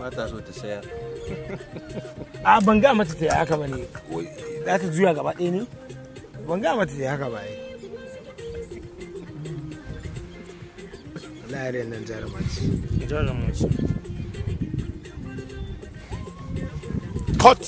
mata so ta sayar a ban ga mata ta yi haka ba ne za ta juya gaba ɗaya ne ban ga mata ta yi haka ba ne lahari nan jarumaci jarumaci cut